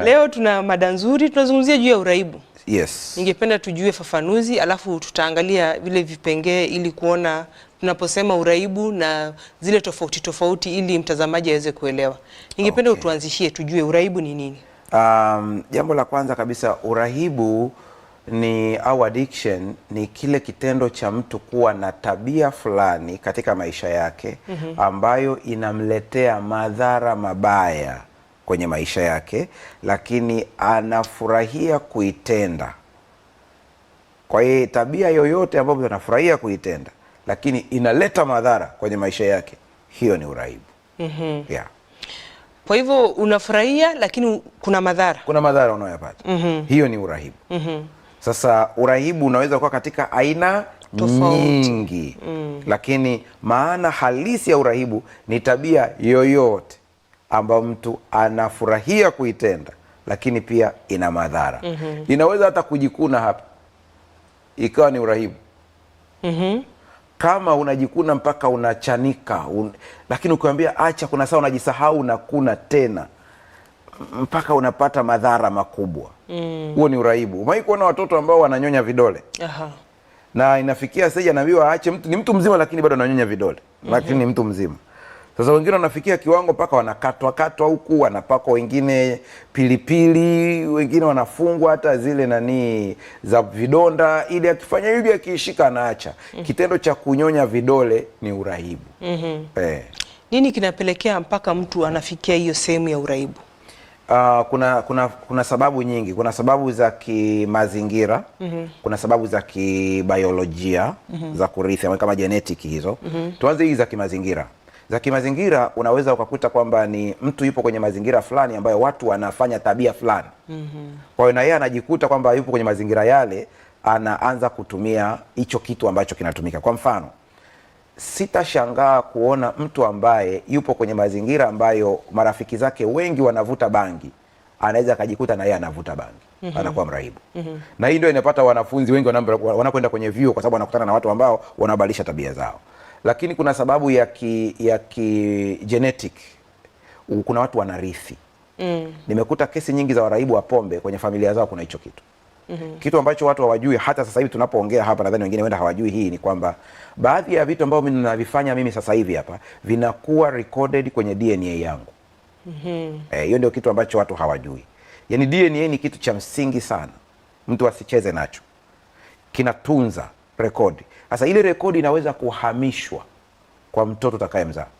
Eh. Leo tuna mada nzuri, tunazungumzia juu ya uraibu. Yes. Ningependa tujue fafanuzi, alafu tutaangalia vile vipengee ili kuona tunaposema uraibu na zile tofauti tofauti, ili mtazamaji aweze kuelewa. Ningependa okay, utuanzishie tujue uraibu ni nini? Um, jambo la kwanza kabisa uraibu ni au addiction ni kile kitendo cha mtu kuwa na tabia fulani katika maisha yake mhm. ambayo inamletea madhara mabaya kwenye maisha yake, lakini anafurahia kuitenda. Kwa hiyo tabia yoyote ambayo mtu anafurahia kuitenda lakini inaleta madhara kwenye maisha yake, hiyo ni uraibu. mm -hmm. yeah. Kwa hivyo unafurahia lakini kuna madhara, kuna madhara unayoyapata. mm -hmm. hiyo ni urahibu. mm -hmm. Sasa urahibu unaweza kuwa katika aina tofauti nyingi. mm. Lakini maana halisi ya urahibu ni tabia yoyote ambayo mtu anafurahia kuitenda, lakini pia ina madhara mm -hmm. Inaweza hata kujikuna hapa ikawa ni urahibu mm -hmm. Kama unajikuna mpaka unachanika un... lakini ukiwambia acha, kuna saa unajisahau unakuna tena mpaka unapata madhara makubwa mm. huo mm. Ni urahibu. Umewahi kuona watoto ambao wananyonya vidole? Aha. Na inafikia sasa anaambiwa aache, mtu ni mtu mzima lakini bado ananyonya vidole mm -hmm. Lakini ni mtu mzima sasa wengine wanafikia kiwango mpaka wanakatwakatwa huku, wanapakwa wengine pilipili, wengine wanafungwa hata zile nani za vidonda, ili akifanya hivi akiishika anaacha. mm -hmm. Kitendo cha kunyonya vidole ni urahibu. mm -hmm. Eh. Nini kinapelekea mpaka mtu anafikia hiyo sehemu ya urahibu? Uh, ah, kuna, kuna, kuna sababu nyingi. Kuna sababu za kimazingira mm -hmm. Kuna sababu za kibiolojia mm -hmm. za kurithi kama genetic hizo mm -hmm. Tuanze hizi za kimazingira za kimazingira unaweza ukakuta kwamba ni mtu yupo kwenye mazingira fulani ambayo watu wanafanya tabia fulani mm -hmm. Kwa hiyo na yeye anajikuta kwamba yupo kwenye mazingira yale, anaanza kutumia hicho kitu ambacho kinatumika. Kwa mfano, sitashangaa kuona mtu ambaye yupo kwenye mazingira ambayo marafiki zake wengi wanavuta bangi anaweza akajikuta na yeye anavuta bangi mm -hmm. anakuwa mrahibu mm -hmm. na hii ndio inapata wanafunzi wengi wanakwenda kwenye vyuo, kwa sababu wanakutana na watu ambao wanabadilisha tabia zao lakini kuna sababu ya ki, ya ki genetic. Kuna watu wanarithi mm. Nimekuta kesi nyingi za waraibu wa pombe kwenye familia zao kuna hicho kitu mm -hmm. Kitu ambacho watu hawajui hata sasa hivi tunapoongea hapa, nadhani wengine wenda hawajui hii ni kwamba baadhi ya vitu ambavyo mimi ninavifanya mimi sasa hivi hapa vinakuwa recorded kwenye DNA yangu mm-hmm. eh, hiyo mm -hmm. E, ndio kitu ambacho watu hawajui. Yaani DNA ni kitu cha msingi sana, mtu asicheze nacho, kinatunza rekodi sasa ile rekodi inaweza kuhamishwa kwa mtoto utakayemzaa.